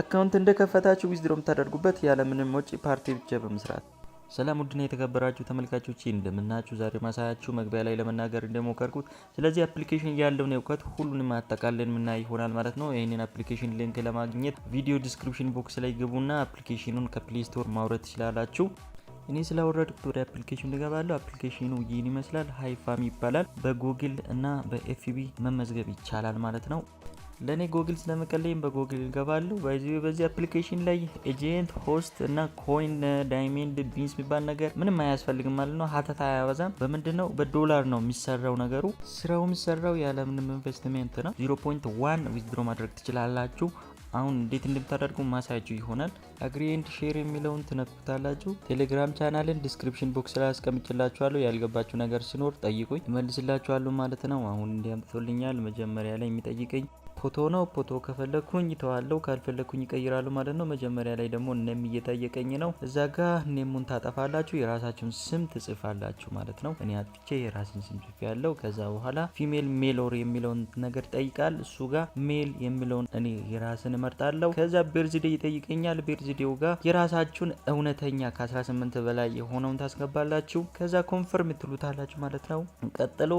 አካውንት እንደከፈታችሁ ዊዝድሮ የምታደርጉበት ያለምንም ወጪ ፓርቲ ብቻ በመስራት ሰላም ውድና የተከበራችሁ ተመልካቾች እንደምናችሁ። ዛሬ ማሳያችሁ መግቢያ ላይ ለመናገር እንደሞከርኩት ስለዚህ አፕሊኬሽን ያለውን እውቀት ሁሉንም አጠቃለን ምና ይሆናል ማለት ነው። ይህንን አፕሊኬሽን ሊንክ ለማግኘት ቪዲዮ ዲስክሪፕሽን ቦክስ ላይ ግቡና አፕሊኬሽኑን ከፕሌይ ስቶር ማውረድ ትችላላችሁ። እኔ ስላወረድኩት ወደ አፕሊኬሽን ልገባለሁ። አፕሊኬሽኑ ይህን ይመስላል። ሀይፋም ይባላል። በጉግል እና በኤፍቢ መመዝገብ ይቻላል ማለት ነው። ለእኔ ጎግል ስለመቀለይም በጎግል ይገባለሁ። በዚህ በዚህ አፕሊኬሽን ላይ ኤጀንት ሆስት እና ኮይን ዳይመንድ ቢንስ የሚባል ነገር ምንም አያስፈልግም ማለት ነው። ሀተታ አያበዛም። በምንድን ነው በዶላር ነው የሚሰራው ነገሩ። ስራው የሚሰራው ያለምንም ኢንቨስትሜንት ነው። 0.1 ዊዝድሮ ማድረግ ትችላላችሁ። አሁን እንዴት እንደምታደርጉ ማሳያችሁ ይሆናል። አግሪ ኤንድ ሼር የሚለውን ትነኩታላችሁ። ቴሌግራም ቻናልን ዲስክሪፕሽን ቦክስ ላይ አስቀምጭላችኋለሁ። ያልገባችሁ ነገር ሲኖር ጠይቁኝ፣ እመልስላችኋለሁ ማለት ነው። አሁን እንዲያምጥቶልኛል መጀመሪያ ላይ የሚጠይቀኝ ፎቶ ነው። ፎቶ ከፈለኩኝ ተዋለው ካልፈለኩኝ ይቀይራሉ ማለት ነው። መጀመሪያ ላይ ደግሞ እነም እየጠየቀኝ ነው። እዛ ጋ እኔሙን ታጠፋላችሁ፣ የራሳችሁን ስም ትጽፋላችሁ ማለት ነው። እኔ አጥፍቼ የራስን ስም ጽፍ ያለው። ከዛ በኋላ ፊሜል ሜሎር የሚለውን ነገር ይጠይቃል። እሱ ጋ ሜል የሚለውን እኔ የራስን እመርጣለሁ። ከዛ ቤርዝዴ ይጠይቀኛል። ቤርዝዴው ጋር የራሳችሁን እውነተኛ ከ18 በላይ የሆነውን ታስገባላችሁ። ከዛ ኮንፈርም ትሉታላችሁ ማለት ነው። ቀጥሎ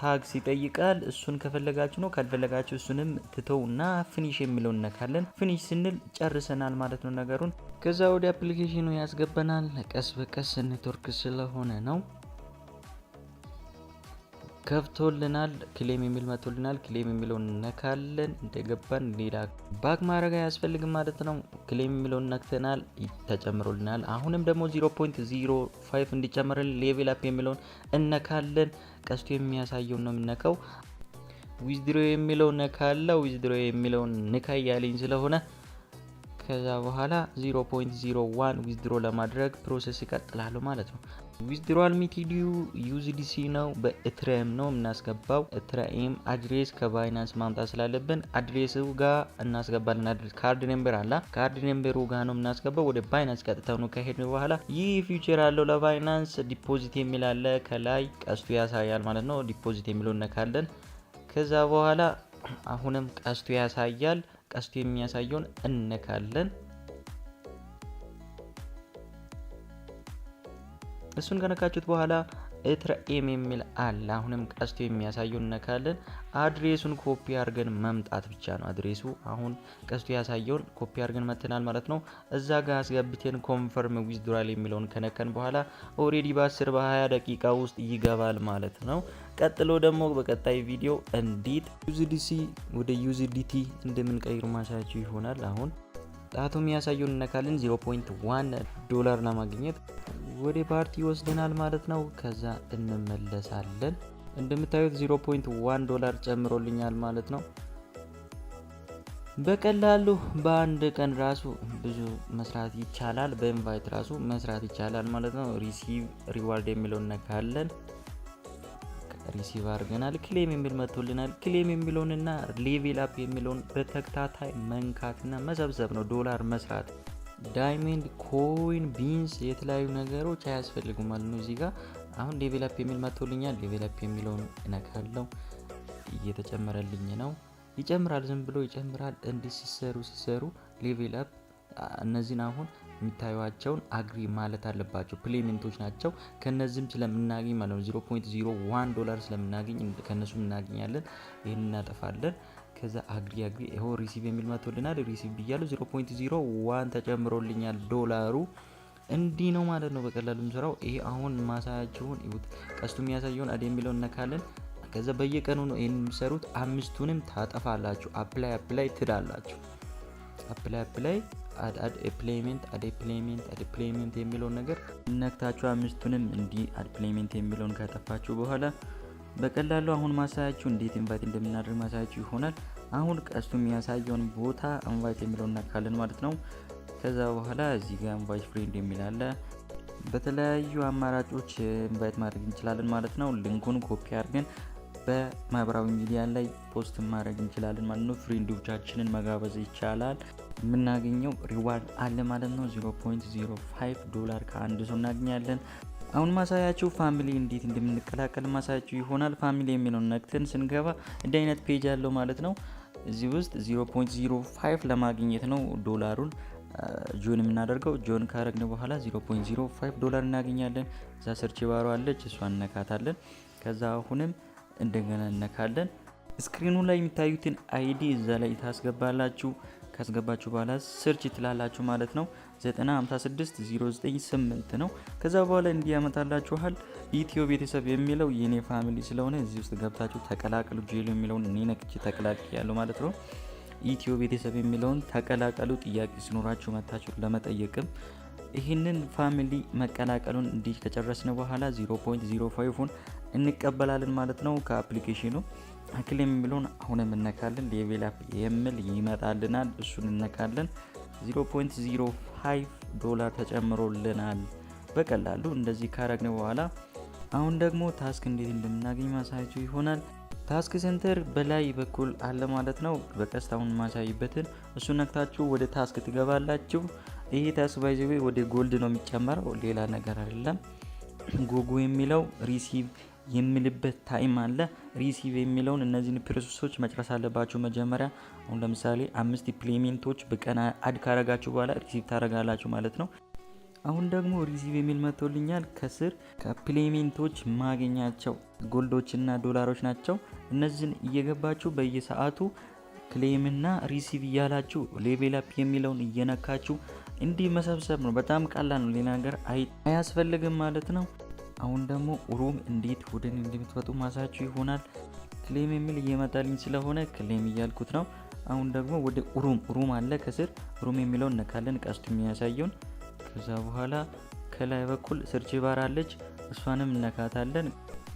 ታግስ ይጠይቃል። እሱን ከፈለጋችሁ ነው፣ ካልፈለጋችሁ እሱንም ትተው እና ፊኒሽ የሚለው እነካለን። ፊኒሽ ስንል ጨርሰናል ማለት ነው ነገሩን። ከዛ ወደ አፕሊኬሽኑ ያስገባናል። ቀስ በቀስ ኔትወርክ ስለሆነ ነው። ከፍቶልናል። ክሌም የሚል መቶልናል። ክሌም የሚለውን እነካለን። እንደገባን ሌላ ባክ ማድረግ አያስፈልግም ማለት ነው። ክሌም የሚለውን ነክተናል፣ ተጨምሮልናል። አሁንም ደግሞ 0.05 እንዲጨምርልን ሌቭል አፕ የሚለውን እነካለን። ቀስቱ የሚያሳየውን ነው የምነካው። ዊዝድሮ የሚለው ነካለ ዊዝድሮ የሚለውን ንካ እያለኝ ስለሆነ ከዛ በኋላ 0.01 ዊዝድሮ ለማድረግ ፕሮሰስ ይቀጥላሉ ማለት ነው። ዊዝድሮዋል ሚቲዲዩ ዩዝዲሲ ነው፣ በኢትሬም ነው የምናስገባው። ኢትሬም አድሬስ ከባይናንስ ማምጣት ስላለብን አድሬስ ጋር እናስገባለን። አድሬስ ካርድ ኔምበር አላ ካርድ ኔምበሩ ጋር ነው የምናስገባው። ወደ ባይናንስ ቀጥተው ነው ከሄድ በኋላ ይህ ፊውቸር አለው ለባይናንስ ዲፖዚት የሚላለ ከላይ ቀስቱ ያሳያል ማለት ነው። ዲፖዚት የሚለው እነካለን። ከዛ በኋላ አሁንም ቀስቱ ያሳያል። ቀስቱ የሚያሳየውን እንካለን። እሱን ከነካችሁት በኋላ ኤትራኤም የሚል አለ። አሁንም ቀስቱ የሚያሳየውን እነካለን። አድሬሱን ኮፒ አድርገን መምጣት ብቻ ነው። አድሬሱ አሁን ቀስቱ ያሳየውን ኮፒ አድርገን መተናል ማለት ነው። እዛ ጋር አስገብቴን ኮንፈርም ዊዝድራል የሚለውን ከነከን በኋላ ኦሬዲ በ10 በ20 ደቂቃ ውስጥ ይገባል ማለት ነው። ቀጥሎ ደግሞ በቀጣይ ቪዲዮ እንዴት ዩዚዲሲ ወደ ዩዚዲቲ እንደምንቀይር ማሳያችሁ ይሆናል። አሁን ጣቱ የሚያሳየውን እነካለን። 0.1 ዶላር ለማግኘት ወደ ፓርቲ ይወስደናል ማለት ነው። ከዛ እንመለሳለን። እንደምታዩት 0.1 ዶላር ጨምሮልኛል ማለት ነው። በቀላሉ በአንድ ቀን ራሱ ብዙ መስራት ይቻላል። በኢንቫይት ራሱ መስራት ይቻላል ማለት ነው። ሪሲቭ ሪዋርድ የሚለውን እነካለን። ሪሲቭ አድርገናል። ክሌም የሚል መጥቶልናል። ክሌም የሚለውንና ሌቪል አፕ የሚለውን በተከታታይ መንካትና መሰብሰብ ነው ዶላር መስራት። ዳይመንድ ኮይን፣ ቢንስ የተለያዩ ነገሮች አያስፈልጉም ማለት ነው። እዚህ ጋር አሁን ሌቪላፕ የሚል መጥቶልኛል። ሌቪላፕ የሚለውን እነካለው። እየተጨመረልኝ ነው። ይጨምራል፣ ዝም ብሎ ይጨምራል። እንዲህ ሲሰሩ ሲሰሩ ሌቪላፕ እነዚህን አሁን የምታዩቸውን አግሪ ማለት አለባቸው። ፕሌመንቶች ናቸው። ከነዚህም ስለምናገኝ ማለት ነው 0.01 ዶላር ስለምናገኝ ከነሱ እናገኛለን። ይህን እናጠፋለን። ከዛ አግሪ አግሪ ይኸው ሪሲቭ የሚል መቶልናል። ሪሲቭ ብያለሁ። 0.01 ተጨምሮልኛል ዶላሩ። እንዲህ ነው ማለት ነው በቀላሉ የምሰራው ይሄ አሁን ይሁት ቀስቱ የሚያሳየውን አድ የሚለው እነካለን። ከዛ በየቀኑ ነው ይህን የሚሰሩት። አምስቱንም ታጠፋላችሁ። አፕላይ አፕላይ ትላላችሁ። አፕላይ አፕላይ ፕሌይሜንት አድ ፕሌይሜንት አድ የሚለውን ነገር ነክታችሁ አምስቱንም እንዲህ አድ የሚለውን ካጠፋችሁ በኋላ በቀላሉ አሁን ማሳያችሁ እንዴት ኢንቫይት እንደምናደርግ ማሳያችሁ ይሆናል። አሁን ቀስቱ የሚያሳየውን ቦታ ኢንቫይት የሚለውን እናካለን ማለት ነው። ከዛ በኋላ እዚህ ጋር ኢንቫይት ፍሬንድ የሚል አለ። በተለያዩ አማራጮች ኢንቫይት ማድረግ እንችላለን ማለት ነው። ሊንኩን ኮፒ አድርገን በማህበራዊ ሚዲያ ላይ ፖስት ማድረግ እንችላለን ማለት ነው። ፍሬንዶቻችንን መጋበዝ ይቻላል። የምናገኘው ሪዋርድ አለ ማለት ነው። 0.05 ዶላር ከአንድ ሰው እናገኛለን። አሁን ማሳያችሁ ፋሚሊ እንዴት እንደምንቀላቀል ማሳያችሁ ይሆናል። ፋሚሊ የሚለውን ነክተን ስንገባ እንደ አይነት ፔጅ አለው ማለት ነው። እዚህ ውስጥ 0.05 ለማግኘት ነው ዶላሩን ጆን የምናደርገው ጆን ካረግን በኋላ 0.05 ዶላር እናገኛለን። እዛ ሰርች ባሮ አለች፣ እሷ እነካታለን። ከዛ አሁንም እንደገና እነካለን። ስክሪኑ ላይ የሚታዩትን አይዲ እዛ ላይ ታስገባላችሁ። ካስገባችሁ በኋላ ሰርች ትላላችሁ ማለት ነው። 956098 ነው። ከዛ በኋላ እንዲያመጣላችኋል ኢትዮ ቤተሰብ የሚለው የኔ ፋሚሊ ስለሆነ እዚህ ውስጥ ገብታችሁ ተቀላቀሉ። ጄሎ የሚለውን እኔ ነክቼ ተቀላቅ ያለው ማለት ነው። ኢትዮ ቤተሰብ የሚለውን ተቀላቀሉ። ጥያቄ ሲኖራችሁ መታችሁ ለመጠየቅም ይህንን ፋሚሊ መቀላቀሉን እንዲህ ከጨረስን በኋላ 0.05ን እንቀበላለን ማለት ነው። ከአፕሊኬሽኑ አክል የሚለውን አሁንም እነካለን። ሌቬል አፕ የሚል ይመጣልናል። እሱን እነካለን። 0.05 ዶላር ተጨምሮልናል በቀላሉ እንደዚህ ካረግን በኋላ አሁን ደግሞ ታስክ እንዴት እንደምናገኝ ማሳያችሁ ይሆናል። ታስክ ሴንተር በላይ በኩል አለ ማለት ነው። በቀስት አሁን ማሳይበትን እሱ ነክታችሁ ወደ ታስክ ትገባላችሁ። ይሄ ታስክ ባይዘዌ ወደ ጎልድ ነው የሚጨመረው፣ ሌላ ነገር አይደለም። ጎጎ የሚለው ሪሲቭ የምልበት ታይም አለ። ሪሲቭ የሚለውን እነዚህን ፕሮሰሶች መጨረስ አለባቸው። መጀመሪያ። አሁን ለምሳሌ አምስት ፕሌሜንቶች በቀን አድ ካረጋችሁ በኋላ ሪሲቭ ታረጋላችሁ ማለት ነው። አሁን ደግሞ ሪሲቭ የሚል መጥቶልኛል። ከስር ከፕሌሜንቶች ማገኛቸው ጎልዶችና ዶላሮች ናቸው። እነዚህን እየገባችሁ በየሰዓቱ ክሌምና ሪሲቭ እያላችሁ ሌቬል አፕ የሚለውን እየነካችሁ እንዲህ መሰብሰብ ነው። በጣም ቀላል ነው። ሌላ ነገር አያስፈልግም ማለት ነው። አሁን ደግሞ ሩም እንዴት ቡድን እንደምትፈጡ ማሳችሁ ይሆናል። ክሌም የሚል እየመጣልኝ ስለሆነ ክሌም እያልኩት ነው። አሁን ደግሞ ወደ ሩም ሩም አለ ከስር ሩም የሚለውን ነካለን፣ ቀስቱ የሚያሳየውን ከዛ በኋላ ከላይ በኩል ስርች ባር አለች፣ እሷንም እነካታለን።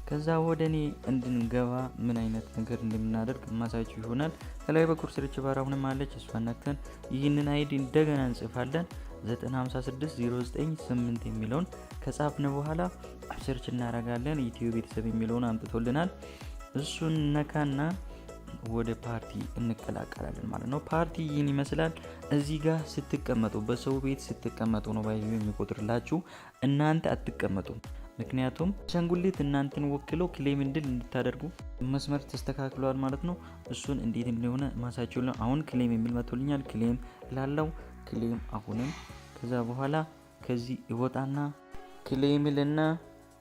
ከዛ ወደ እኔ እንድንገባ ምን አይነት ነገር እንደምናደርግ ማሳችሁ ይሆናል። ከላይ በኩል ስርች ባር አሁንም አለች፣ እሷን ነክተን ይህንን አይዲ እንደገና እንጽፋለን። 95609 የሚለውን ከጻፍነ በኋላ ሰርች እናረጋለን። ኢትዮ ቤተሰብ የሚለውን አምጥቶልናል። እሱን ነካና ወደ ፓርቲ እንቀላቀላለን ማለት ነው። ፓርቲ ይህን ይመስላል። እዚህ ጋር ስትቀመጡ በሰው ቤት ስትቀመጡ ነው ባይ የሚቆጥርላችሁ። እናንተ አትቀመጡም። ምክንያቱም አሻንጉሊት እናንተን ወክለው ክሌም እንድል እንድታደርጉ መስመር ተስተካክሏል ማለት ነው። እሱን እንዴት እንደሆነ ማሳቸው አሁን ክሌም የሚል መቶልኛል። ክሌም ላለው ክሌም አሁንም ከዛ በኋላ ከዚህ ይወጣና ክሌም ይልና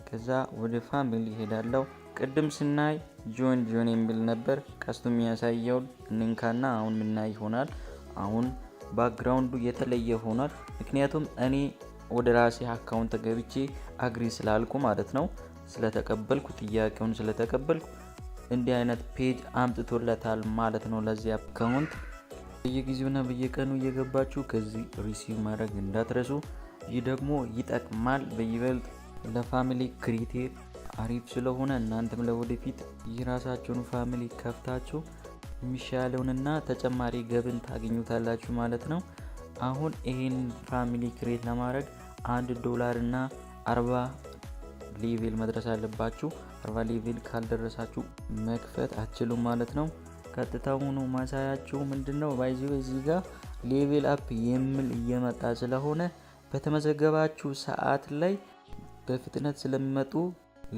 ከዛ ወደ ፋሚሊ ይሄዳለው። ቅድም ስናይ ጆን ጆን የሚል ነበር። ቀስቱ የሚያሳየው እንንካና አሁን ምናይ ይሆናል። አሁን ባክግራውንዱ የተለየ ሆኗል። ምክንያቱም እኔ ወደ ራሴ አካውንት ገብቼ አግሪ ስላልኩ ማለት ነው ስለተቀበልኩ ጥያቄውን ስለተቀበልኩ እንዲህ አይነት ፔጅ አምጥቶለታል ማለት ነው ለዚህ አካውንት። በየጊዜውና በየቀኑ እየገባችሁ ከዚህ ሪሲቭ ማድረግ እንዳትረሱ። ይህ ደግሞ ይጠቅማል በይበልጥ ለፋሚሊ ክሪቴር አሪፍ ስለሆነ እናንተም ለወደፊት የራሳችሁን ፋሚሊ ከፍታችሁ የሚሻለውንና ተጨማሪ ገብን ታገኙታላችሁ ማለት ነው። አሁን ይህን ፋሚሊ ክሬት ለማድረግ አንድ ዶላር እና አርባ ሌቬል መድረስ አለባችሁ። አርባ ሌቬል ካልደረሳችሁ መክፈት አትችሉም ማለት ነው። ቀጥታው ነው ማሳያችሁ ምንድነው ባይዚ እዚህ ጋር ሌቪል አፕ የሚል እየመጣ ስለሆነ በተመዘገባችሁ ሰዓት ላይ በፍጥነት ስለሚመጡ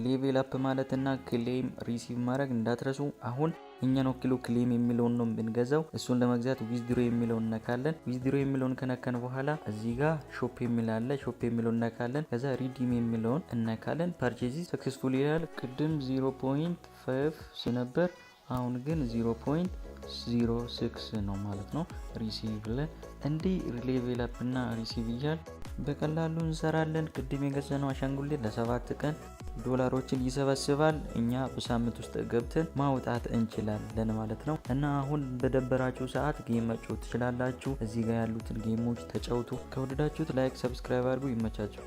ሌቪል አፕ ማለትና ክሌም ሪሲቭ ማድረግ እንዳትረሱ። አሁን እኛን ወኪሉ ክሌም የሚለውን ነው የምንገዛው። እሱን ለመግዛት ዊዝድሮ የሚለውን እነካለን። ዊዝድሮ የሚለውን ከነከን በኋላ እዚህ ጋር ሾፕ የሚላለ ሾፕ የሚለውን እነካለን። ከዛ ሪዲም የሚለውን እነካለን። ፐርቼዚ ሰክስፉል ይላል። ቅድም 0.5 ሲነበር አሁን ግን 0.06 ነው ማለት ነው። ሪሲቭ ብለን እንዲህ ሌቬል እና ሪሲቭ እያል በቀላሉ እንሰራለን። ቅድም የገዛነው አሻንጉሊት ለሰባት ቀን ዶላሮችን ይሰበስባል። እኛ በሳምንት ውስጥ ገብተን ማውጣት እንችላለን ማለት ነው። እና አሁን በደበራችሁ ሰዓት ጌም መጫወት ትችላላችሁ። እዚህ ጋር ያሉትን ጌሞች ተጫውቱ። ከወደዳችሁት ላይክ፣ ሰብስክራይብ አድርጉ። ይመቻችሁ።